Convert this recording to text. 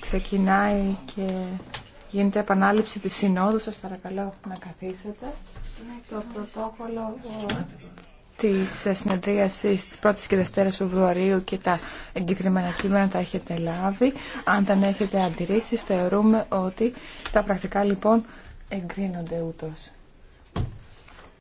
Ξεκινάει και γίνεται επανάληψη της συνόδου. Σας παρακαλώ να καθίσετε. το πρωτόκολλο της συνεδρίασης της 1 και 2 Φεβρουαρίου και τα εγκεκριμένα κείμενα τα έχετε λάβει. Αν δεν έχετε αντιρρήσεις θεωρούμε ότι τα πρακτικά λοιπόν εγκρίνονται ούτως.